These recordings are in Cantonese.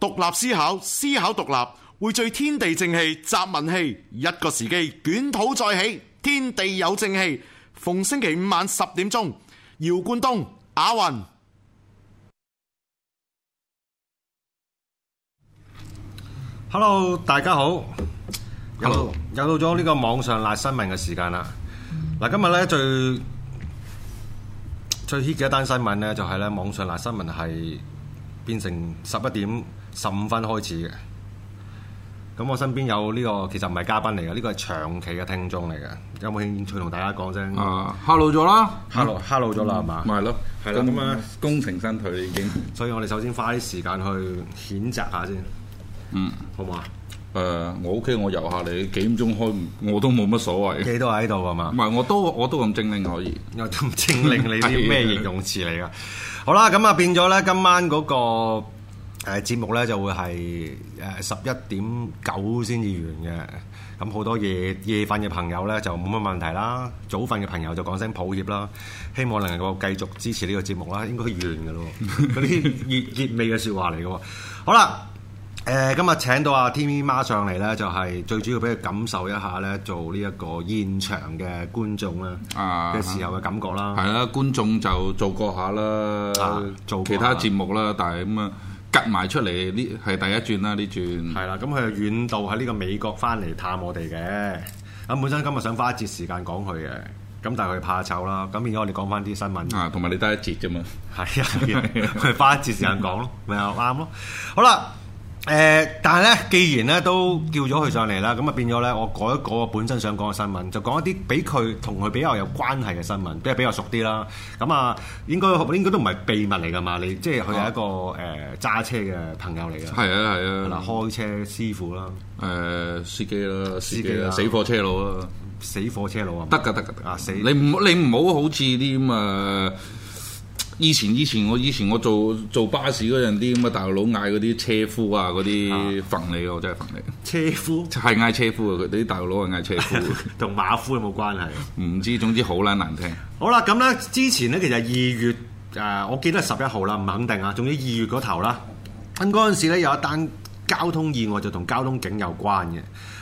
獨立思考，思考獨立，匯聚天地正氣，集文氣，一個時機，捲土再起，天地有正氣。逢星期五晚十點鐘，姚冠東、阿云。Hello，大家好。又 Hello. 到咗呢個網上辣新聞嘅時間啦。嗱、mm.，今日咧最最 hit 嘅一單新聞咧，就係、是、咧網上辣新聞係變成十一點。十五分開始嘅，咁我身邊有呢個，其實唔係嘉賓嚟嘅，呢個係長期嘅聽眾嚟嘅，有冇興趣同大家講聲？啊，hello 咗啦，hello hello 咗啦，係嘛？咪係咯，係啦，咁啊，功成身退已經。所以我哋首先花啲時間去譴責下先，嗯，好唔好啊？誒，我 OK，我遊下你幾點鐘開，我都冇乜所謂。企都喺度係嘛？唔係，我都我都咁精靈可以。因又咁精靈，你啲咩形容詞嚟㗎？好啦，咁啊變咗咧，今晚嗰個。誒，節目咧就會係誒十一點九先至完嘅，咁好多夜夜瞓嘅朋友咧就冇乜問題啦，早瞓嘅朋友就講聲抱歉啦，希望能夠繼續支持呢個節目啦，應該完噶咯，嗰啲熱熱味嘅說話嚟噶。好啦，誒、呃，今日請到阿 Timmy 媽上嚟咧，就係、是、最主要俾佢感受一下咧，做呢一個現場嘅觀眾啦嘅時候嘅感覺啦。係啦、啊啊，觀眾就做過下啦，啊、做其他節目啦，但係咁啊。夾埋出嚟呢？係第一轉啦，呢轉。係啦，咁 佢遠道喺呢個美國翻嚟探我哋嘅。咁本身今日想花一節時間講佢嘅，咁但係佢怕醜啦。咁變咗我哋講翻啲新聞。啊，同埋你得一節啫嘛。係啊， 我花一節時間講咯，咪又啱咯。好啦。誒、呃，但係咧，既然咧都叫咗佢上嚟啦，咁啊變咗咧，我改一改我本身想講嘅新聞，就講一啲俾佢同佢比較有關係嘅新聞，即係比較熟啲啦。咁、嗯、啊，應該應該都唔係秘密嚟㗎嘛，你即係佢係一個誒揸車嘅朋友嚟㗎。係啊係啊，嗱，開車師傅啦，誒、啊啊啊、司機啦，司機啦，死貨車佬啦，死貨車佬啊，得㗎得㗎，嗱，你唔你唔好好似啲咁啊～以前以前我以前我做做巴士嗰陣，啲咁嘅大佬嗌嗰啲車夫啊，嗰啲馴你咯，我真係馴你。車夫係嗌車夫啊，佢啲大佬啊嗌車夫。同 馬夫有冇關係？唔知，總之好撚難聽。 好啦，咁咧之前咧其實二月誒、呃，我記得十一號啦，唔肯定啊。總之二月嗰頭啦，咁嗰陣時咧有一單交通意外就同交通警有關嘅。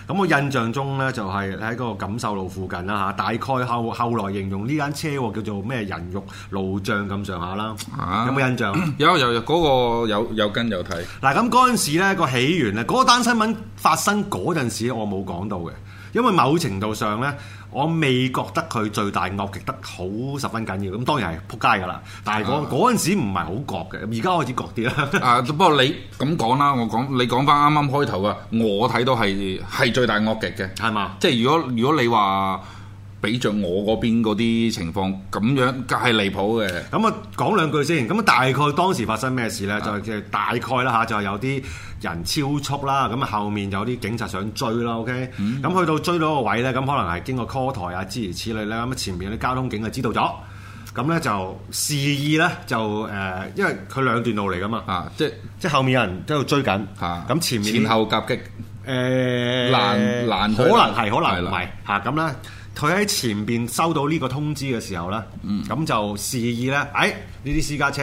咁我印象中呢，就係喺嗰個感受路附近啦，大概後後來形容呢間車叫做咩人肉路障咁上下啦，啊、有冇印象？有有有，嗰、嗰個有有跟有睇。嗱咁嗰陣時咧、嗰個起源咧，嗰、那、單、個、新聞發生嗰陣時我沒說，我冇講到嘅。因為某程度上咧，我未覺得佢最大惡極得好十分緊要，咁當然係撲街㗎啦。但係我嗰陣時唔係好覺嘅，而家開始覺啲啦。誒，不過你咁講啦，我講你講翻啱啱開頭啊，我睇到係係最大惡極嘅，係嘛嗎？即係如果如果你話。俾着我嗰邊嗰啲情況咁樣，梗係離譜嘅。咁啊、嗯，講兩句先。咁啊，大概當時發生咩事咧是？就係大概啦嚇，就係有啲人超速啦。咁啊，後面有啲警察想追啦。OK，咁、嗯、去到追到個位咧，咁可能係經過 call 台啊之類此類咧。咁啊，前面啲交通警啊知道咗，咁咧就示意咧，就誒、呃，因為佢兩段路嚟噶嘛，啊，即即後面有人喺度追緊嚇，咁是前前面後夾擊誒、呃，難難可能係可能唔係嚇咁啦。的佢喺前邊收到呢個通知嘅時候咧，咁、嗯、就示意咧，誒呢啲私家車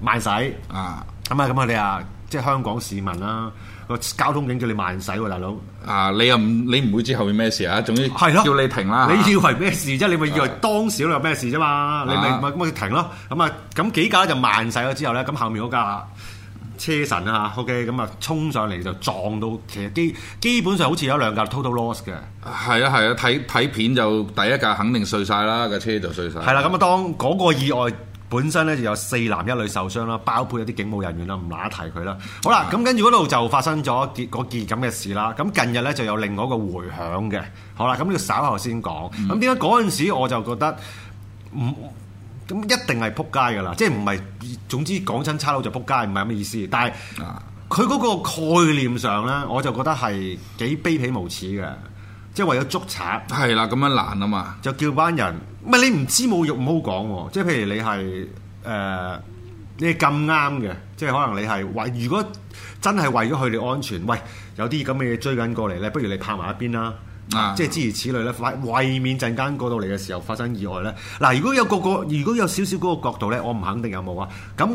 慢駛啊！咁啊，咁我哋啊，即係香港市民啦、啊，個交通警叫你慢駛喎、啊，大佬啊！你又唔你唔會知後面咩事啊？總之叫你停啦、啊啊。你以為咩事啫、啊？啊、你咪以、啊啊、以為當小有咩事啫、啊、嘛？你咪咪咁咪停咯？咁啊，咁幾架就慢駛咗之後咧，咁後面嗰架。車神啊，OK，咁啊衝上嚟就撞到，其實基基本上好似有兩架 total loss 嘅。係啊係啊，睇睇、啊、片就第一架肯定碎晒啦，架車就碎晒。係啦、啊，咁啊當嗰個意外本身咧就有四男一女受傷啦，包括有啲警務人員啦，唔揦提佢啦。好啦，咁是、啊、跟住嗰度就發生咗件嗰咁嘅事啦。咁近日咧就有另外一個迴響嘅。好啦，咁要稍後先講。咁點解嗰陣時我就覺得唔咁一定係撲街㗎啦？即係唔係？總之講真差佬就撲街，唔係咁嘅意思。但係佢嗰個概念上呢，我就覺得係幾卑鄙無恥嘅，即係為咗捉賊係啦，咁樣難啊嘛，就叫班人咪你唔知冇用，唔好講喎。即係譬如你係誒、呃、你咁啱嘅，即係可能你係為如果真係為咗佢哋安全，喂，有啲咁嘅嘢追緊過嚟咧，不如你拍埋一邊啦。啊！嗯、即係諸如此類咧，為免陣間過到嚟嘅時候發生意外咧，嗱，如果有個個，如果有少少嗰個角度咧，我唔肯定有冇啊，咁。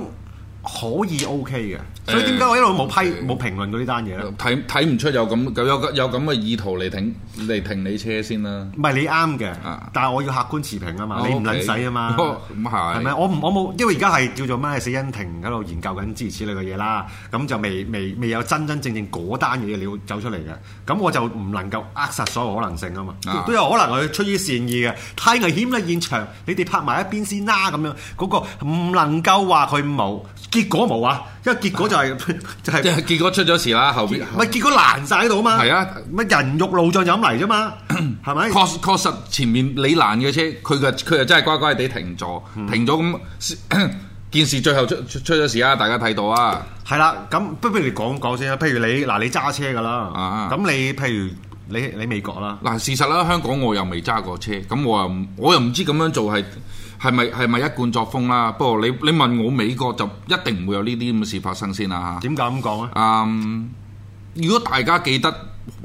可以 OK 嘅，所以點解我一路冇批冇、欸、評論過呢單嘢咧？睇睇唔出有咁有有咁嘅意圖嚟停嚟停你車先啦、啊。唔係你啱嘅，啊、但係我要客觀持平啊嘛，啊你唔撚使啊嘛，咁係咪我我冇？因為而家係叫做咩死因庭喺度研究緊諸如此類嘅嘢啦，咁就未未未有真真正正嗰單嘢你走出嚟嘅，咁我就唔能夠扼殺所有可能性啊嘛，啊都有可能佢出於善意嘅，太危險啦現場，你哋拍埋一邊先啦咁樣，嗰、那個唔能夠話佢冇。結果冇啊，因為結果就係、係、 就係，即係結果出咗事啦，後面咪結， 結果爛晒喺度啊！係啊，乜人肉路障就咁嚟啫嘛，係咪？確 吧確實前面你爛嘅車，佢嘅佢又真係乖乖地停咗。嗯、停咗咁 件事最後出出咗事啊，大家睇到啊，係啦，咁不如你講講先啊，譬如你嗱你揸車㗎啦，咁、啊、哈 你譬如你你，你美國啦、啊，嗱事實啦，香港我又未揸過車，咁我啊我又唔知咁樣做係。係咪係咪一貫作風啦？不過你你問，我美國就一定唔會有呢啲咁嘅事發生先啦嚇。點解咁講咧？嗯，um, 如果大家記得誒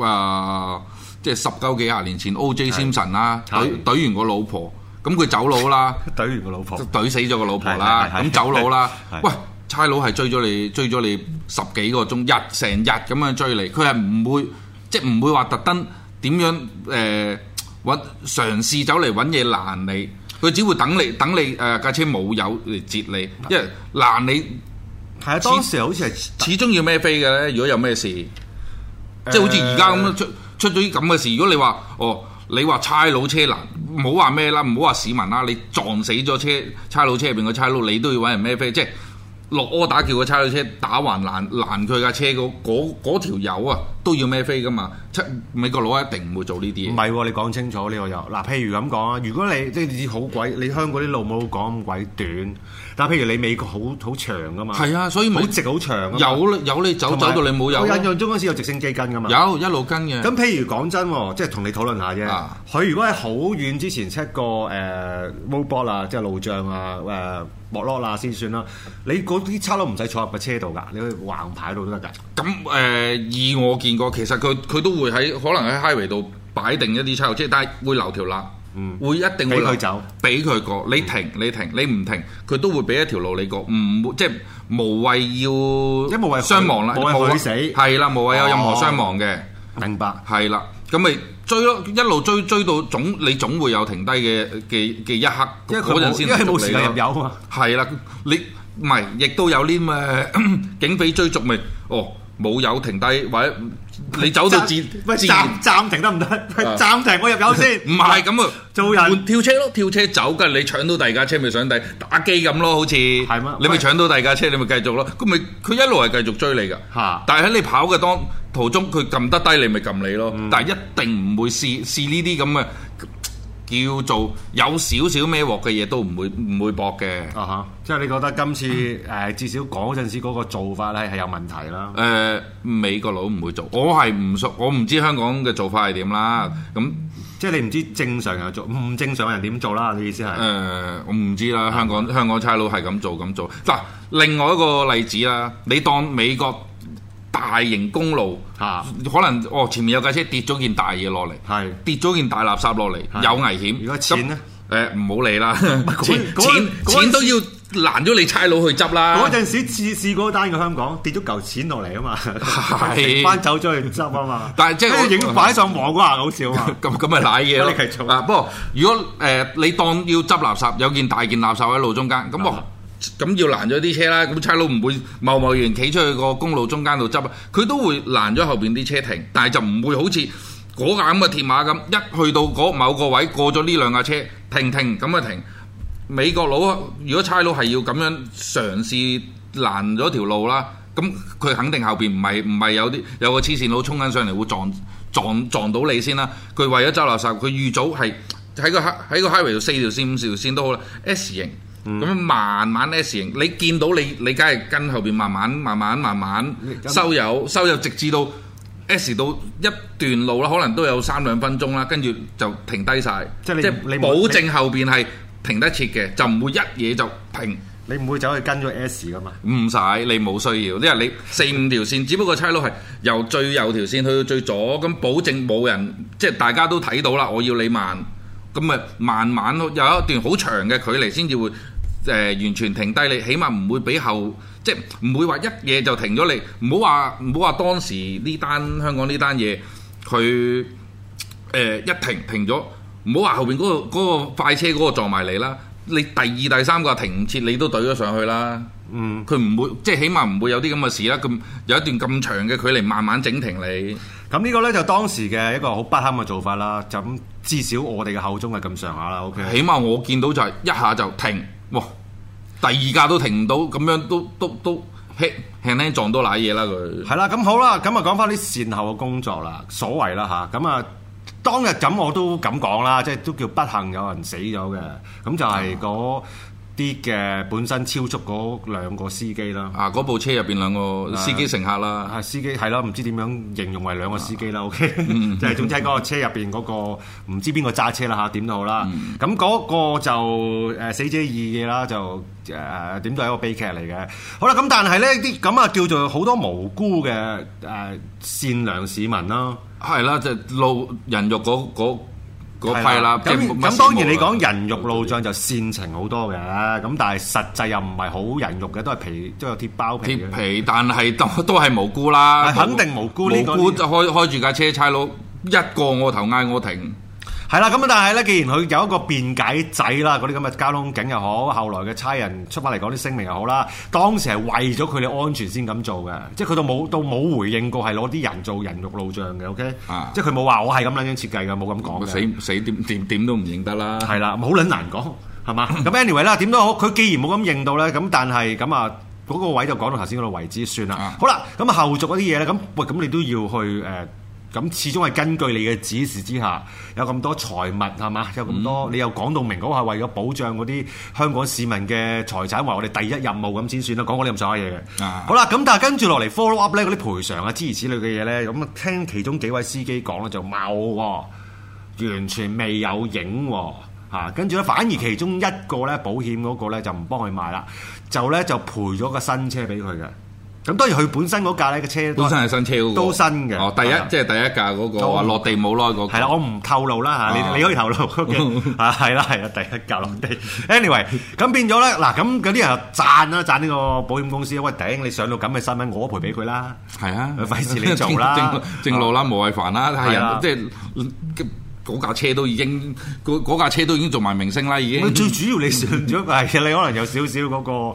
，uh, 即係十鳩幾廿年前 O.J. Simpson 啦，懟懟的完個老婆，咁佢的走佬啦，懟完個老婆，懟死咗個老婆啦，咁走佬啦。喂，差佬係追咗你追咗你十幾個鐘，日成日咁樣追你，佢係唔會即係唔會話特登點樣誒揾嘗試走嚟揾嘢攔你。佢只會等你等你誒架、呃、車冇油嚟接你，因為嗱，你係啊。當時多好似係始終要孭飛嘅咧。如果有咩事，呃、即係好似而家咁樣出出咗啲咁嘅事。如果你話哦，你話差佬車攔，唔好話咩啦，唔好話市民啦，你撞死咗車差佬車入邊個差佬，你都要揾人孭飛，即係落柯打叫個差佬車打橫攔攔佢架車嗰嗰條友啊！都要咩飛㗎嘛？出美國佬一定唔會做呢啲嘢。唔係喎，你講清楚呢、呢個又嗱，譬如咁講啊，如果你即係好鬼，你香港啲路冇講咁鬼短，但譬如你美國好好長㗎嘛，係啊，所以好直好長，有有你走有走到你冇有、啊。我印象中嗰時有直升機跟㗎嘛，有一路跟嘅。咁譬如講真，即係同你討論下啫。佢、啊、如果喺好遠之前 check 過誒 robot 啊，即係路障啊、誒木樑啊先算啦。你嗰啲差佬唔使坐入個車度㗎，你可以橫排喺度都得㗎。咁誒、呃，以我見。個其實佢佢都會喺可能喺 highway 度擺定一啲差佬，即係但係會留條罅，會一定會俾佢走，俾佢過。你停，你停，你唔停，佢都會俾一條路你過，唔即係無謂要因為無謂傷亡啦，無謂死，係啦，無謂有任何傷亡嘅。明白，係啦，咁咪追咯，一路追追到總你總會有停低嘅嘅嘅一刻嗰陣先停你。有啊，係啦，你唔係亦都有啲咩警匪追逐咪哦，冇有停低或者。你走到自暫自暫，暫停得唔得？ 暫停我入油先 唔係咁啊，做人跳車咯，跳車走噶。你搶到第二架車咪上底打機咁咯，好似。係咩嗎？你咪搶到第二架車，你咪繼續咯。佢咪佢一路係繼續追你噶。嚇！ 但係喺你跑嘅當途中，佢撳得低你咪撳你咯。嗯、但係一定唔會試試呢啲咁嘅。叫做有少少孭鑊嘅嘢都唔會唔會駁嘅啊嚇！Uh、huh，即係你覺得今次誒、嗯呃、至少嗰陣時嗰個做法咧係有問題啦。誒、呃、美國佬唔會做，我係唔熟，我唔知香港嘅做法係點啦。咁即係你唔知正常人做，唔正常人點做啦？你意思係誒、呃？我唔知啦。香港香港差佬係咁做咁做嗱、啊。另外一個例子啦，你當美國。大型公路嚇，可能哦前面有架車跌咗件大嘢落嚟，係跌咗件大垃圾落嚟，有危險。如果錢咧，誒唔好理啦，錢錢都要攔咗你差佬去執啦。嗰陣時次次嗰單嘅香港跌咗嚿錢落嚟啊嘛，翻走咗去執啊嘛。但係即係影擺上網嗰下好笑，咁咁咪瀨嘢咯？你繼續啊！不過如果誒你當要執垃圾，有件大件垃圾喺路中間，咁我。咁要攔咗啲車啦，咁差佬唔會貿貿然企出去個公路中間度執啊，佢都會攔咗後邊啲車停，但係就唔會好似嗰架咁嘅鐵馬咁，一去到嗰某個位過咗呢兩架車停停咁啊停。美國佬如果差佬係要咁樣嘗試攔咗條路啦，咁佢肯定後邊唔係唔係有啲有個黐線佬衝緊上嚟會撞撞撞到你先啦。佢為咗執垃圾，佢預早係喺個喺個 highway 度四條線五條線都好啦 S 型，咁樣慢慢 S 型，你見到你你梗係跟後邊慢慢慢慢慢慢收油收油，直至到 S 到一段路啦，可能都有三兩分鐘啦，跟住就停低曬，即係你保證後邊係停得切嘅，就唔會一嘢就停，你唔會走去跟咗 S 噶嘛。唔使，你冇需要，因為你四五條線，只不過差佬係由最右條線去到最左，咁保證冇人，即係大家都睇到啦。我要你慢，咁咪慢慢有一段好長嘅距離先至會。誒、呃、完全停低你，起碼唔會俾後即係唔會話一嘢就停咗你。唔好話唔好話當時呢單香港呢單嘢佢誒一停停咗，唔好話後邊嗰、嗰個嗰個快車嗰個撞埋你啦。你第二第三個停唔切，你都對咗上去啦。嗯，佢唔會即係起碼唔會有啲咁嘅事啦。咁有一段咁長嘅距離，慢慢整停你。咁呢、嗯、個呢，就當時嘅一個好不堪嘅做法啦。就咁，至少我哋嘅口中係咁上下啦。O、okay? K，起碼我見到就係一下就停！哇！第二架都停唔到，咁樣都都都輕輕撞到瀨嘢啦佢。係啦，咁 好啦，咁啊，講翻啲善後嘅工作啦，所謂啦吓，咁啊，當日咁我都咁講啦，即係都叫不幸有人死咗嘅，咁就係嗰、那個。啊啲嘅本身超速嗰兩個司機啦，啊嗰部車入邊兩個司機乘客啦，啊司機係咯，唔知點樣形容為兩個司機啦，OK，就係總之喺嗰個車入邊嗰個唔知邊個揸車啦吓，點、啊、都好啦，咁嗰、嗯、個就誒、呃、死者意義啦，就誒點、呃、都係一個悲劇嚟嘅。好啦，咁但係咧啲咁啊叫做好多無辜嘅誒、呃、善良市民啦、啊，係啦、嗯，就路人肉嗰嗰。啊係啦，咁咁當然你講人肉路障就煽情好多嘅，咁但係實際又唔係好人肉嘅，都係皮，都有鐵包皮嘅。鐵皮，但係都都係無辜啦。肯定無辜，無辜就開開住架車差佬一個，我頭嗌我停。係啦，咁啊，但係咧，既然佢有一個辯解仔啦，嗰啲咁嘅交通警又好，後來嘅差人出翻嚟講啲聲明又好啦，當時係為咗佢哋安全先咁做嘅，即係佢都冇都冇回應過係攞啲人做人肉路障嘅，OK？啊，即係佢冇話我係咁樣樣設計嘅，冇咁講嘅。死死點點點都唔認得啦。係啦，咁好撚難講，係嘛？咁 anyway 啦，點都好，佢既然冇咁認到咧，咁但係咁啊，嗰個位就講到頭先嗰度為止算啦。好啦，咁啊後續嗰啲嘢咧，咁喂，咁你都要去誒。咁始終係根據你嘅指示之下，有咁多財物係嘛？有咁多，你又講到明嗰個係為咗保障嗰啲香港市民嘅財產為我哋第一任務咁先算啦。講嗰啲咁所謂嘅嘢嘅。啊、好啦，咁但係跟住落嚟 follow up 呢嗰啲賠償啊之如此類嘅嘢呢，咁啊聽其中幾位司機講咧就冇、哦，完全未有影嚇。跟住呢，反而其中一個咧保險嗰個咧就唔幫佢買啦，就呢，就賠咗個新車俾佢嘅。咁當然佢本身嗰架咧嘅車，都新係新車喎，都新嘅。哦，第一即係第一架嗰個啊，落地冇耐嗰個。係啦，我唔透露啦嚇，你你可以透露嘅。係啦係啦，第一架落地。anyway，咁變咗咧嗱，咁嗰啲人讚啦，讚呢個保險公司，喂，頂你上到咁嘅新聞，我賠俾佢啦。係啊，費事你做啦，正路啦，無謂煩啦。係啊，即係嗰架車都已經嗰架車都已經做埋明星啦已經。最主要你上咗，你可能有少少嗰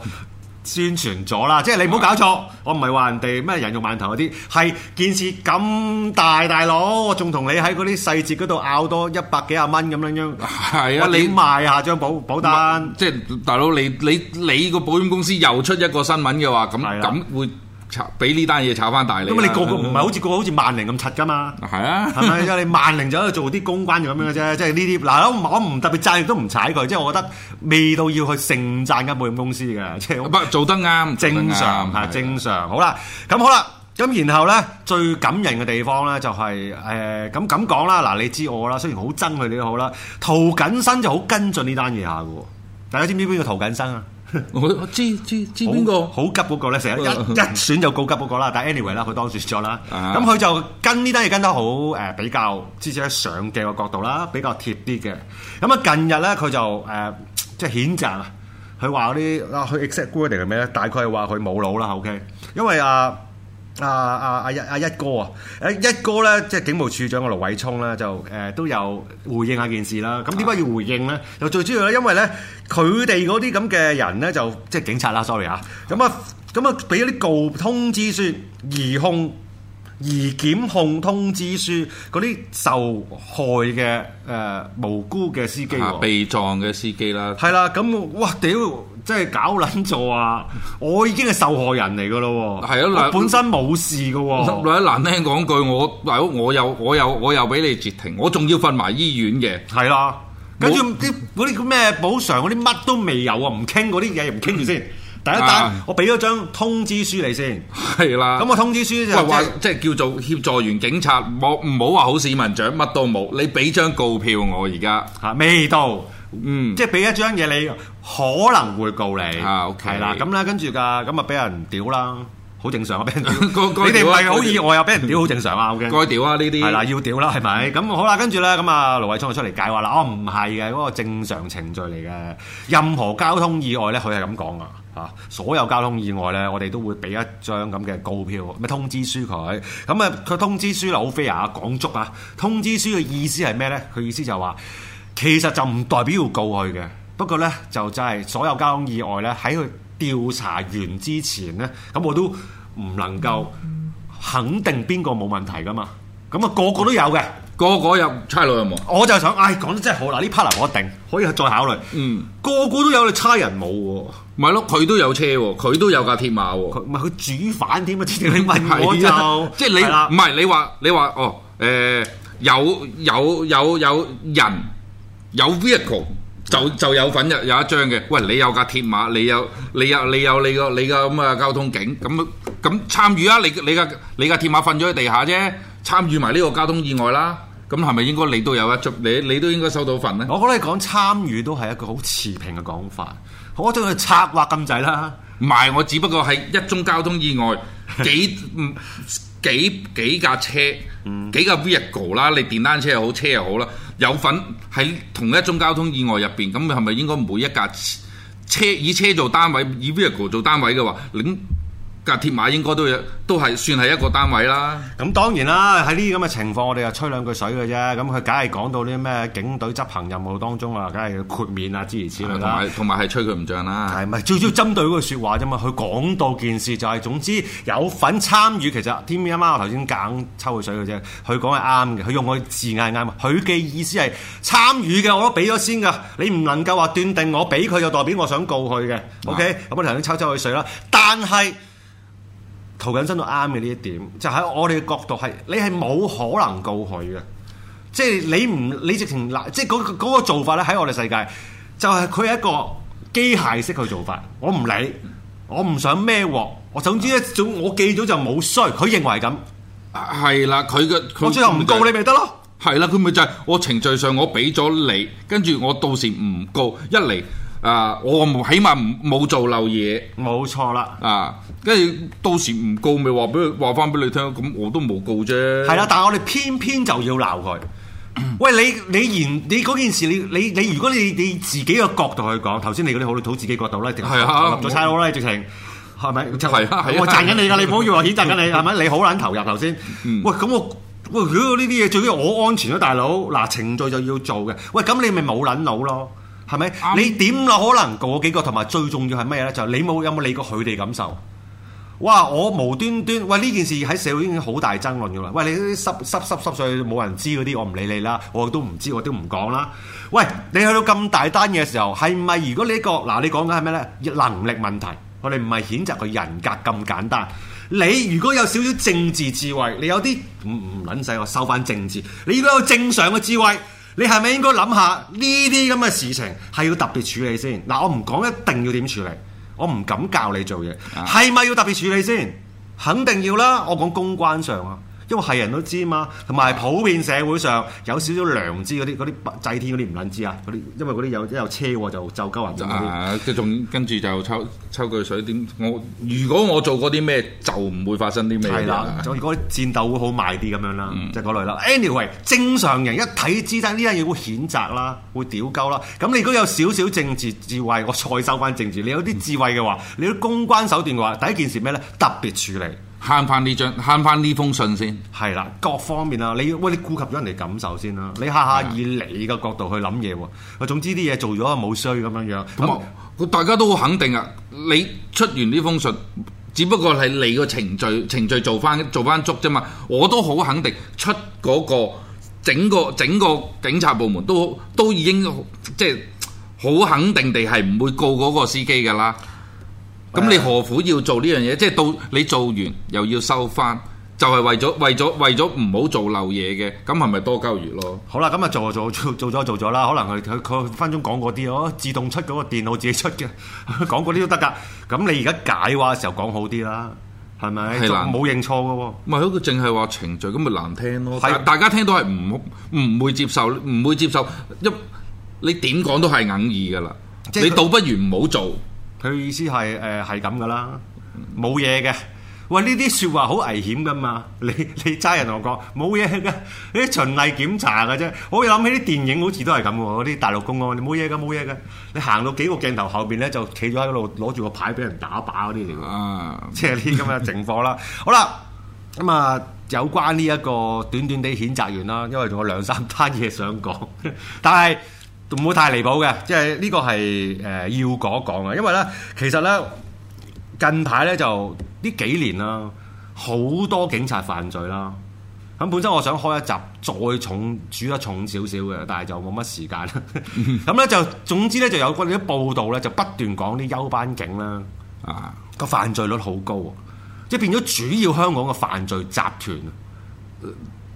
宣傳咗啦，即係你唔好搞錯，是的 我唔係話人哋咩人肉饅頭嗰啲，係件事咁大，大佬我仲同你喺嗰啲細節嗰度拗多一百幾十蚊咁樣樣。係啊的，你賣下張保保單，即係大佬你你你個保險公司又出一個新聞嘅話，咁咁是的 會。炒俾呢單嘢炒翻大嚟、嗯，咁你個個唔係好似個個好似萬寧咁柒噶嘛？係是啊是是，係咪因為你萬寧就喺度做啲公關咁樣嘅啫？即係呢啲嗱，我唔特別讚亦都唔踩佢，即係我覺得未到要去盛讚間保險公司嘅，即係不過做得啱正常係是的 正常。好啦，咁好啦，咁然後咧最感人嘅地方咧就係誒咁咁講啦。嗱、呃，你知我啦，雖然好憎佢哋都好啦，涂謹申就好跟進呢單嘢下嘅，大家知唔知邊個涂謹申啊？我我知知知邊個好，好急嗰、嗰個咧，成日一,一選就告急嗰、嗰個啦。但係 anyway 啦，佢當選咗啦。咁佢、啊、就跟呢單嘢跟得好誒比較，至少喺上鏡嘅角度啦，比較貼啲嘅。咁、呃、啊，近日咧佢就誒即係譴責佢話嗰啲，佢 accept gooding 係咩咧？大概係話佢冇腦啦。OK，因為啊。呃阿阿阿一阿一哥啊！誒一哥咧，即係警務處長嘅盧偉聰咧，就誒、呃、都有回應下件事啦。咁點解要回應咧？就、啊、最主要咧，因為咧，佢哋嗰啲咁嘅人咧，就即係警察啦。sorry 啊，咁啊，咁啊，俾啲告通知書疑控。而檢控通知書嗰啲受害嘅誒、呃、無辜嘅司機，啊、被撞嘅司機啦，係啦，咁哇屌！即係搞撚做啊！我已經係受害人嚟㗎咯，係啊，本身冇事㗎喎、啊，嗱、嗯、難聽講句，我嗱我又我又我又俾你截停，我仲要瞓埋醫院嘅，係啦，跟住啲嗰啲咩補償嗰啲乜都未有啊，唔傾嗰啲嘢唔傾住先。 第一單，啊、我俾咗張通知書你先，係啦。咁個通知書就即、是、係、就是、叫做協助員警察，冇唔好話好市民長乜都冇。你俾張告票我而家嚇，未到，嗯，即係俾一張嘢你可能會告你，係啦、啊。咁、okay、啦，跟住噶，咁啊俾人屌啦。好正常啊！俾人你哋唔係好意外又俾人屌，好正常啊！我驚，該屌啊呢啲係啦，要屌啦，係咪？咁好啦，跟住咧咁啊，盧偉聰就出嚟解話啦。哦，唔係嘅，嗰個正常程序嚟嘅。任何交通意外咧，佢係咁講啊嚇。所有交通意外咧，我哋都會俾一張咁嘅告票咩通知書佢。咁啊，佢通知書好飛啊講足啊，通知書嘅意思係咩咧？佢意思就係話，其實就唔代表要告佢嘅。不過咧，就真係所有交通意外咧，喺佢。調查完之前咧，咁我都唔能夠肯定邊個冇問題噶嘛。咁啊，個個都有嘅、嗯，個個有差佬有冇？我就想，唉，講得真係好喇，呢 part 我一定可以再考慮。嗯，個個都有，你差人冇喎。咪係咯，佢都有車喎，佢都有架鐵馬喎。唔係佢主犯添啊，呢個問題就即係、 就是、你唔係的你話你話哦誒、呃、有有有有，有，有人有 vehicle 就就有份有一張嘅，喂，你有架鐵馬，你有你有你有你個你個咁啊，交通警咁咁參與啊！你你架你架鐵馬瞓咗喺地下啫，參與埋呢個交通意外啦！咁係咪應該你都有一你你都應該收到份呢？我覺得你講參與都係一個好持平嘅講法，我將佢策劃咁滯啦，唔係我只不過係一宗交通意外幾唔。 幾幾架車，幾架 vehicle 啦、嗯，你電單車又好，車又好啦，有份喺同一宗交通意外入邊，咁係咪應該每一架車以車做單位，以 vehicle 做單位嘅話，領？架鐵馬應該都都係算係一個單位啦。咁當然啦，喺呢啲咁嘅情況，我哋就吹兩句水嘅啫。咁佢梗係講到啲咩警隊執行任務當中啊，梗係豁免啊，諸如此類，同埋同埋係吹佢唔脹啦。係咪？最主要針對嗰句説話啫嘛。佢講到件事就係、是、總之有份參與。其實 Timmy 啱啱 我頭先揀抽佢水嘅啫。佢講係啱嘅。佢用個字眼啱。佢嘅意思係參與嘅我都俾咗先㗎。你唔能夠話斷定我俾佢就代表我想告佢嘅。的 OK，咁我幫你頭先抽抽佢水啦。但係。做緊真到啱嘅呢一點，就喺、是、我哋嘅角度係，你係冇可能告佢嘅，即係你唔，你直情嗱，即係嗰、那個那個做法咧喺我哋世界就係佢係一個機械式去做法，我唔理，我唔想孭鑊，我總之一早，我記咗就冇衰，佢認為咁係、啊、啦，佢嘅我最後唔告你咪得咯，係啦，佢咪就係、是、我程序上我俾咗你，跟住我到時唔告一嚟。啊！我冇，起碼冇做漏嘢，冇錯啦。啊，跟住到時唔告咪話俾佢翻俾你聽，咁我都冇告啫。係啦，但係我哋偏偏就要鬧佢。喂，你你言你嗰件事，你你你如果你你自己嘅角度去講，頭先你嗰啲好，你討自己角度啦，定係啊，做差佬啦，直情係咪？即係我賺緊你㗎，你唔好以為我顯賺緊你，係咪？你好撚投入頭先。喂，咁我喂如果呢啲嘢最緊要我安全啦，大佬。嗱，程序就要做嘅。喂，咁你咪冇撚腦咯！係咪？你點可能嗰、那個、幾個同埋最重要係咩咧？就是、你冇有冇理過佢哋感受？哇！我無端端喂呢件事喺社會已經好大爭論噶啦。喂，你啲濕濕濕濕碎冇人知嗰啲，我唔理你啦，我都唔知，我都唔講啦。喂，你去到咁大單嘅時候，係咪？如果你、這、一個嗱，你講緊係咩咧？能力問題，我哋唔係譴責佢人格咁簡單。你如果有少少政治智慧，你有啲唔唔撚使我收翻政治，你如果有正常嘅智慧。你係咪應該諗下呢啲咁嘅事情係要特別處理先？嗱，我唔講一定要點處理，我唔敢教你做嘢，係咪要特別處理先？肯定要啦，我講公關上。因為係人都知嘛，同埋普遍社會上有少少良知嗰啲、嗰啲祭天嗰啲唔撚知就就啊，啲因為嗰啲有有車喎，就就鳩人走仲跟住就抽抽佢水。點我？如果我做過啲咩，就唔會發生啲咩。係啦，就如果戰鬥會好賣啲咁樣啦，嗯、就嗰類啦。Anyway，正常人一睇知，但呢樣嘢會譴責啦，會屌鳩啦。咁你如果有少少政治智慧，我再收翻政治。你有啲智慧嘅話，嗯、你啲公關手段嘅話，第一件事咩咧？特別處理。慳翻呢張，慳翻呢封信先，係啦，各方面啊，你喂，你顧及咗人哋感受先啦，你下下以你嘅角度去諗嘢喎。的總之啲嘢做咗啊，冇衰咁樣樣。咁有那大家都好肯定啊！你出完呢封信，只不過係你個程序程序做翻做翻足啫嘛。我都好肯定出嗰個整個整個警察部門都都已經即係好肯定地係唔會告嗰個司機㗎啦。咁你何苦要做呢樣嘢？即係到你做完又要收翻，就係為咗為咗為咗唔好做漏嘢嘅。咁係咪多鳩餘咯？好啦，咁啊做做做做咗做咗啦。可能佢佢佢分鐘講過啲咯，自動出嗰個電腦自己出嘅，講嗰啲都得㗎。咁你而家解話嘅時候講好啲啦，係咪？冇認錯嘅喎。唔係，佢淨係話程序咁咪難聽咯。係大家聽到都係唔唔會接受，唔會接受一你點講都係硬意㗎啦。你倒不如唔好做。佢意思係誒係咁噶啦，冇嘢嘅。喂，呢啲説話好危險噶嘛，你你差人同我講冇嘢嘅，呢啲循例檢查嘅啫。我會諗起啲電影好似都係咁喎，嗰啲大陸公安，你冇嘢噶，冇嘢噶，你行到幾個鏡頭後邊咧就企咗喺度攞住個牌俾人打靶嗰啲嚟喎。啊，即係呢啲咁嘅情況啦。好啦，咁、嗯、啊有關呢一個短短地譴責完啦，因為仲有兩三單嘢想講，但係。唔會太離譜嘅，即係呢個係誒、呃、要講一講嘅，因為咧其實咧近排咧就呢幾年啦，好多警察犯罪啦。咁本身我想開一集再重，煮得重少少嘅，但係就冇乜時間。咁咧就總之咧就有嗰啲報道咧，就不斷講啲休班警啦，啊個犯罪率好高，即係變咗主要香港嘅犯罪集團。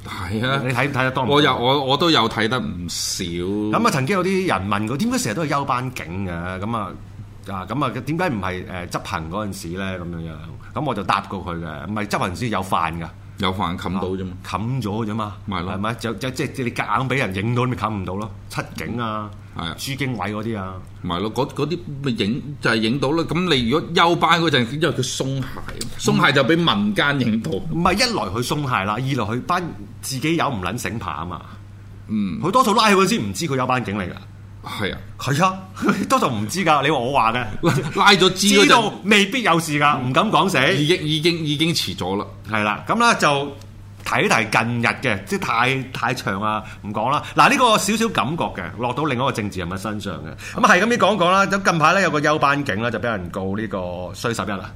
係啊，你睇唔睇得多多？多我有我我都有睇得唔少。咁啊、嗯，曾經有啲人問過，點解成日都係休班警嘅？咁啊啊咁啊，點解唔係誒執行嗰陣時咧？咁樣樣咁、嗯、我就答過佢嘅，唔係執行時有犯㗎，有犯冚到啫嘛，冚咗啫嘛，係咪？就就即係你夾硬俾人影到，咪冚唔到咯？七警啊！係啊，朱經緯嗰啲啊，咪咯，嗰嗰啲咪影就係影到啦。咁你如果休班嗰陣，因為佢鬆懈，鬆懈就俾民間影到，唔係一來佢鬆懈啦，二來佢班自己有唔撚醒牌啊嘛，嗯，佢多數拉佢先，唔知佢休班警嚟噶。係是啊，啊，係啊，多數唔知噶，你話我話嘅，拉咗知，知道未必有事噶，唔敢講死，已、嗯、已經已經遲咗啦，係啦、啊，咁啦就。睇題，題近日嘅，即係太太長啊，唔講啦。嗱，呢個少少感覺嘅，落到另一個政治人物身上嘅。咁啊，係咁先講一講啦。咁近排咧有個休班警咧就俾人告呢個衰十一啦。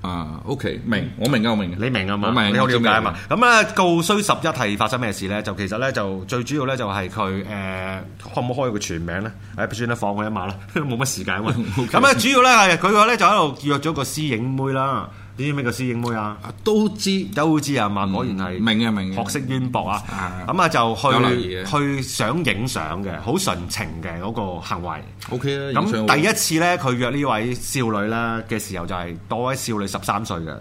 啊，OK，明，我明嘅，我明你明啊嘛，我明你好了解啊嘛。咁啊，告衰十一係發生咩事咧？就其實咧就最主要咧就係佢誒可唔可以開個全名咧？誒，算啦，放佢一馬啦，都冇乜時間喎。咁啊，主要咧係佢個咧就喺度約咗個私影妹啦。知唔知咩叫司影妹啊？都知都知啊！嘛果然係，明嘅明嘅，學識淵博啊！咁啊就去去想影相嘅，好純情嘅嗰個行為。O K 啦，咁第一次咧，佢約呢位少女啦嘅時候就係嗰位少女十三歲嘅，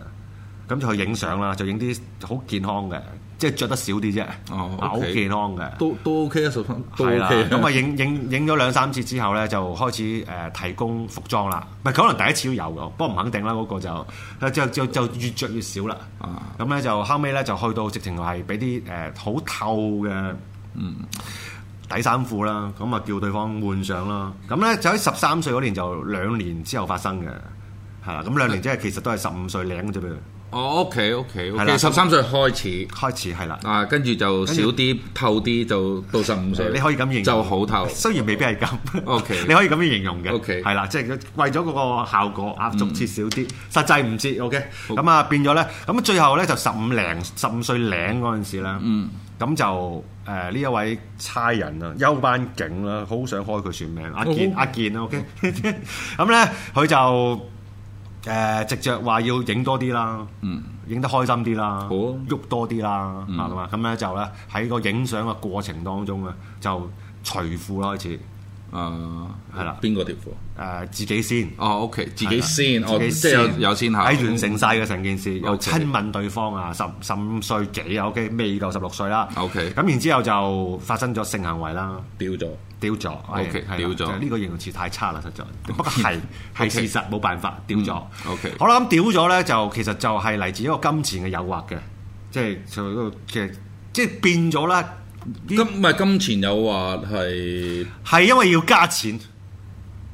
咁就去影相啦，就影啲好健康嘅。即係着得少啲啫，好健康嘅，都都 OK 啊，熟生、okay.，都 OK。咁啊，影影影咗兩三次之後咧，就開始誒、呃、提供服裝啦。唔係，可能第一次都有嘅，不過唔肯定啦。嗰、嗰個就之後就就，就越着越少啦。咁咧、啊、就後尾咧就去到直情係俾啲誒好透嘅底衫褲啦。咁、嗯、啊叫對方換上啦。咁咧就喺十三歲嗰年就兩年之後發生嘅，係啦。咁兩年即係其實都係十五歲零啫噃。哦，OK，OK，OK，係啦，十三歲開始開始係啦，啊跟住就少啲透啲就到十五歲，你可以咁形容就好透。雖然未必係咁，OK，你可以咁樣形容嘅，OK 係啦，即係為咗嗰個效果啊，逐次少啲，實際唔知。OK，咁啊變咗咧，咁最後咧就十五零十五歲零嗰陣時咧，咁就誒呢一位差人啊，休班警啦，好想開佢算命，阿健阿健啦，OK，咁咧佢就。誒，直著話要影多啲啦，影得開心啲啦，喐多啲啦，係嘛？咁咧就咧喺個影相嘅過程當中嘅，就除褲啦開始，誒係啦，邊個條褲？誒自己先，哦，OK，自己先，自己先，有先喺完成晒嘅成件事，又親吻對方啊，十十五歲幾啊？OK，未夠十六歲啦，OK，咁然之後就發生咗性行為啦，屌咗。掉咗，OK，掉咗。就呢個形容詞太差啦，實在。不過係係事實，冇辦法掉咗，Okay。掉咗，嗯。OK，好啦，咁掉咗咧，就其實就係嚟自一個金錢嘅誘惑嘅，即係就嗰個即係即變咗啦。金唔係金錢誘惑係，係因為要加錢，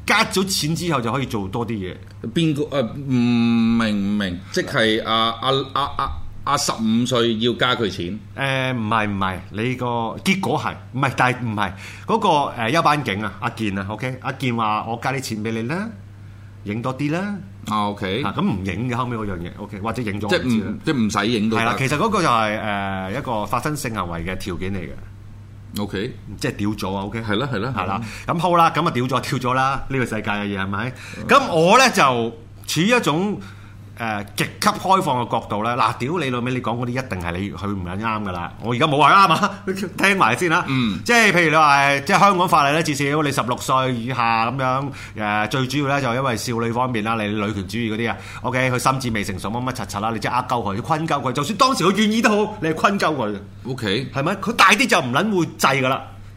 加咗錢之後就可以做多啲嘢。邊個誒唔、呃、明唔明，明？即係阿阿阿阿。啊啊啊啊啊阿十五歲要加佢錢？誒，唔係唔係，你個結果係唔係？但係唔係嗰個誒，休班警啊，阿健啊，OK，阿健話我加啲錢俾你啦，影多啲啦，啊 OK，咁唔影嘅後尾嗰樣嘢，OK，或者影咗即係唔即係唔使影到係啦。其實嗰個就係誒一個發生性行為嘅條件嚟嘅，OK，即係屌咗啊，OK，係啦係啦係啦，咁好啦，咁啊屌咗跳咗啦，呢個世界嘅嘢係咪？咁我咧就處於一種。誒極級開放嘅角度咧，嗱屌你老味！你講嗰啲一定係你佢唔撚啱噶啦！我而家冇話啱嘛，聽埋先啦。嗯即，即係譬如你話，即係香港法例咧，至少你十六歲以下咁樣誒，最主要咧就係因為少女方面啦，你女權主義嗰啲啊，OK，佢心智未成熟乜乜柒柒啦，你即係呃鳩佢，困鳩佢。就算當時佢願意都好，你係困鳩佢。OK，係咪？佢大啲就唔撚會制噶啦。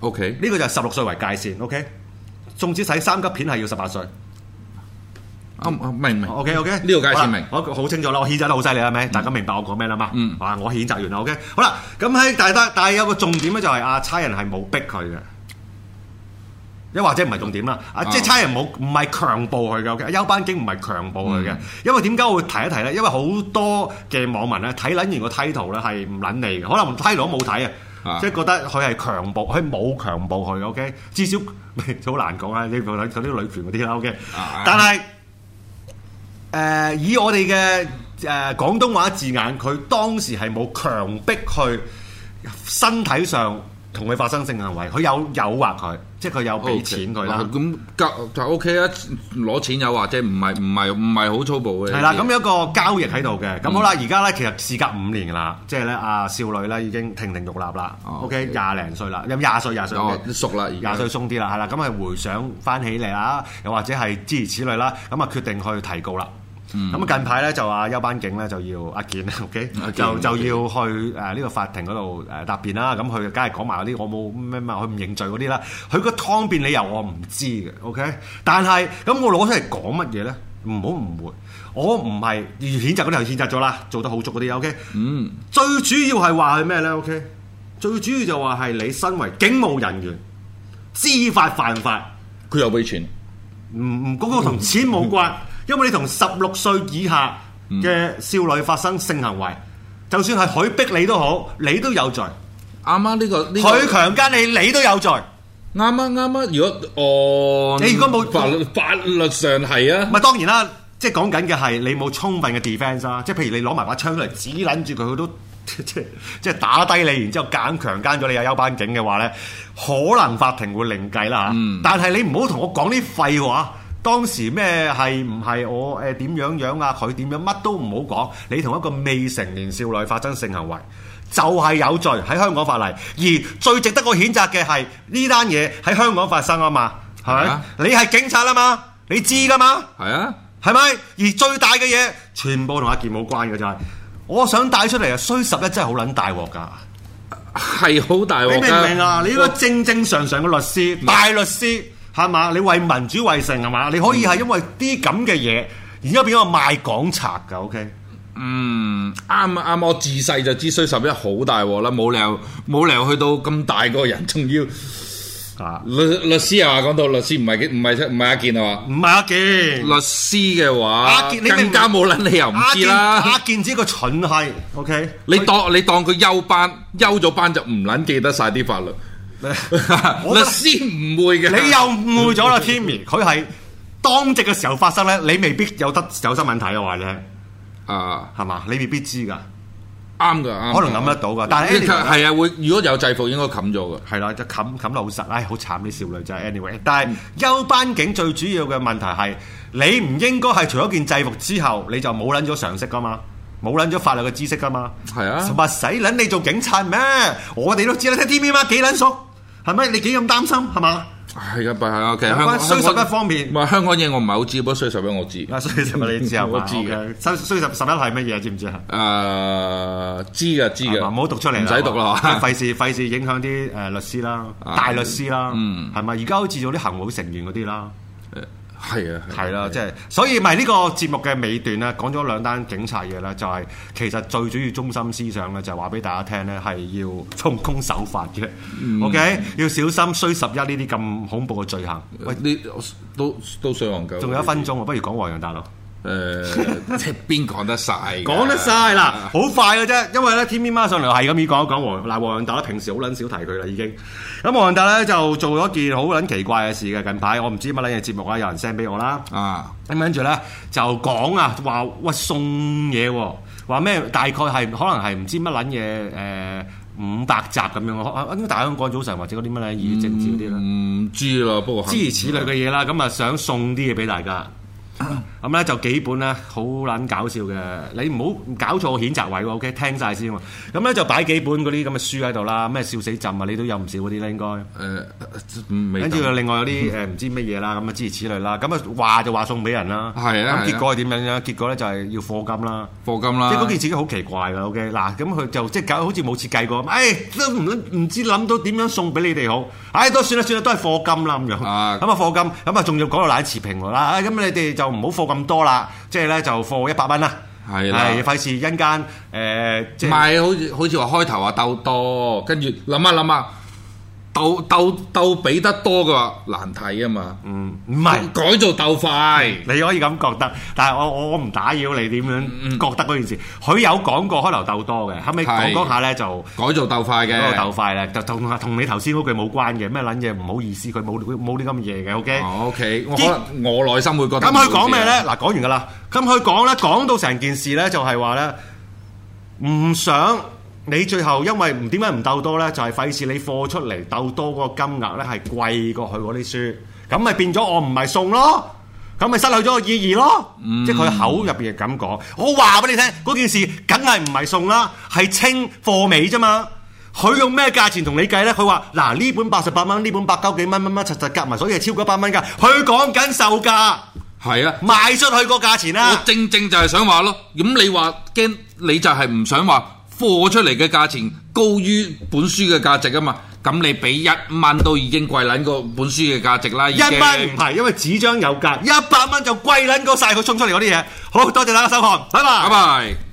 O K，呢個就係十六歲為界線。O K，總之睇三級片係要十八歲。啱，明唔明？O K O K，呢個界線明。我好清楚啦，我譴責得好犀利啦，咩？大家明白我講咩啦嘛？嗯，我譴責完啦。O K，好啦。咁喺但係但係有個重點咧，就係阿差人係冇逼佢嘅，又或者唔係重點啦。啊，即係差人冇唔係強暴佢嘅。阿休班警唔係強暴佢嘅。因為點解我會提一提咧？因為好多嘅網民咧睇捻完個 title 咧係唔捻你嘅，可能 title 冇睇啊。即係覺得佢係強暴，佢冇強暴佢，OK？至少好 難講啊！你同諗嗰啲女權嗰啲啦，OK 但。但係誒以我哋嘅誒廣東話字眼，佢當時係冇強迫佢身體上同佢發生性行為，佢有誘惑佢。即佢有俾錢佢啦，咁交就 OK 啦。攞錢又或者唔係唔係唔係好粗暴嘅。係啦，咁有一個交易喺度嘅。咁、嗯、好啦，而家咧其實事隔五年啦，即係咧阿少女咧已經亭亭玉立啦。OK，廿零歲啦，有冇廿歲廿歲？熟啦，廿歲鬆啲啦，係啦。咁係回想翻起嚟啦，又或者係諸如此類啦。咁啊決定去提高啦。咁啊！嗯、近排咧就啊休班警咧就要阿健，OK，阿健就就要去誒呢個法庭嗰度誒答辯啦。咁佢梗係講埋嗰啲我冇咩咩，佢唔認罪嗰啲啦。佢個湯辯理由我唔知嘅，OK 但。但係咁我攞出嚟講乜嘢咧？唔好誤會，我唔係要譴責嗰啲又譴責咗啦，做得好足嗰啲，OK。嗯，最主要係話係咩咧？OK，最主要就話係你身為警務人員，知法犯法，佢又俾錢，唔唔，嗰個同錢冇關。嗯嗯因為你同十六歲以下嘅少女發生性行為，嗯、就算係佢逼你都好，你都有罪。啱啱呢個佢強姦你，你都有罪。啱啱、啊、啱、啊、啱、啊。如果哦，呃、你如果冇法律，法律上係啊，咪當然啦，即係講緊嘅係你冇充分嘅 defense 啦，即係譬如你攞埋把槍嚟，指捻住佢，佢都 即係打低你，然之後奸強姦咗你有休班警嘅話咧，嗯、可能法庭會另計啦。但係你唔好同我講啲廢話。當時咩係唔係我誒點、呃、樣樣啊？佢點樣乜都唔好講。你同一個未成年少女發生性行為，就係、是、有罪喺香港法例。而最值得我譴責嘅係呢單嘢喺香港發生啊嘛，係咪？你係警察啊嘛，你知㗎嘛，係啊，係咪？而最大嘅嘢，全部同阿劍冇關嘅就係，我想帶出嚟啊！衰十一真係好撚大鑊㗎，係好大鑊，你明唔明啊？我你呢個正，正正常常嘅律師，大律師。係嘛？你為民主為城係嘛？你可以係因為啲咁嘅嘢，而家變咗賣港賊噶。OK？嗯，啱啊啱。我自細就知衰十一好大鑊啦，冇理由冇理由去到咁大個人，仲要啊律律師又話講到律師唔係幾唔係即唔係阿健啊嘛？唔係阿健。律師嘅話，阿健，阿健、okay? 你更加冇撚，你又唔知啦。阿健只個蠢係 OK？你當你當佢休班休咗班就唔撚記得曬啲法律。我先唔會嘅， 你又誤會咗啦，Timmy。佢 Tim 係當值嘅時候發生咧，你未必有得有得問題嘅話啫。啊，係嘛，uh，你未必知噶，啱噶，可能諗得到噶。的但係 Any 係啊，會如果有制服，應該冚咗噶。係啦，啊，就冚冚得好實。唉，好慘啲少女就係。Anyway，但係休班警最主要嘅問題係，你唔應該係除咗件制服之後，你就冇捻咗常識噶嘛。冇撚咗法律嘅知識噶嘛？係啊，唔使撚你做警察咩？我哋都知，係聽 TV 嘛，幾捻熟係咪？你幾咁擔心係嘛？係啊，係啊，其實香港衰十一方面。香港嘢，我唔係好知，不過衰十一我知。啊，衰十一你知啊？我知嘅衰十一係乜嘢？知唔知啊？誒，知噶知噶，唔好讀出嚟，唔使讀啦，費事費事影響啲誒律師啦，大律師啦，係咪？而家好似做啲行會成員嗰啲啦。係啊，係啦，即係，所以咪呢、這個節目嘅尾段咧，講咗兩單警察嘢啦，就係、是、其實最主要中心思想咧，就係話俾大家聽咧，係要奉公守法嘅、嗯、，OK，要小心衰十一呢啲咁恐怖嘅罪行。喂，呢、嗯、都都上夠，仲有一分鐘，啊，不如講黃洋達。誒、 呃，即係邊講得晒？講 得晒啦，好快嘅啫。因為咧，天邊媽上嚟係咁易講一講黃，嗱黃洋達咧，平時好捻少提佢啦，已經。咁黃洋達咧就做咗件好捻奇怪嘅事嘅。近排我唔知乜捻嘢節目啊，有人 send 俾我啦。啊，咁跟住咧就講啊，話喂送嘢，話咩？大概係可能係唔知乜捻嘢誒，五、呃、百集咁樣啊？應該大香港早晨或者嗰啲乜嘢，已以正少啲啦。唔、嗯嗯、知啦，不過諸如此類嘅嘢啦，咁啊想送啲嘢俾大家。咁咧就幾本咧，好撚搞笑嘅。你唔好搞錯譴責位喎，OK？聽晒先啊。咁咧就擺幾本嗰啲咁嘅書喺度啦，咩笑死朕啊！你都有唔少嗰啲啦，應該。誒，跟住又另外有啲誒唔知乜嘢啦，咁啊諸如此類啦。咁啊話就話送俾人啦。係啊。咁結果係點樣樣？結果咧就係要課金啦，課金啦。即係嗰件事自己好奇怪嘅，OK？嗱，咁佢就即係搞，好似冇設計過。誒，都唔唔知諗到點樣送俾你哋好。誒，都算啦算啦，都係課金啦咁樣。啊。咁啊課金，咁啊仲要講到懶持平喎啦。咁你哋就～就唔好放咁多啦，即係咧就放一百蚊啦，係啦是的，費事一陣間誒，呃，唔係好似好似話開頭話鬥多，跟住諗下諗下。鬥鬥鬥比得多嘅話難睇啊嘛，嗯，唔係改做鬥快，你可以咁覺得，但係我我唔打擾你點樣覺得嗰件事，佢有講過開頭鬥多嘅，後尾講講下咧就改做鬥快嘅鬥快咧，就同同你頭先嗰句冇關嘅，咩撚嘢唔好意思，佢冇冇啲咁嘢嘅，OK，OK，我可能我內心會覺得咁佢講咩咧，嗱講完噶啦，咁佢講咧講到成件事咧就係話咧唔想。你最後因為唔點解唔鬥多咧，就係費事你貨出嚟鬥多個金額咧，係貴過佢嗰啲書，咁咪變咗我唔係送咯，咁咪失去咗個意義咯。即係佢口入邊係咁講，我話俾你聽，嗰件事梗係唔係送啦，係清貨尾咋嘛？佢用咩價錢同你計咧？佢話嗱呢本八十八蚊，呢本百九幾蚊，乜乜柒柒夾埋，所以係超過一百蚊噶。佢講緊售價，係啊，賣出去個價錢啦。我正正就係想話咯，咁你話驚你就係唔想話。貨出嚟嘅價錢高於本書嘅價值啊嘛，咁你俾一萬都已經貴撚過本書嘅價值啦，已經。一蚊唔係，因為紙張有價，一百蚊就貴撚過晒佢衝出嚟嗰啲嘢。好多謝大家收看，拜拜。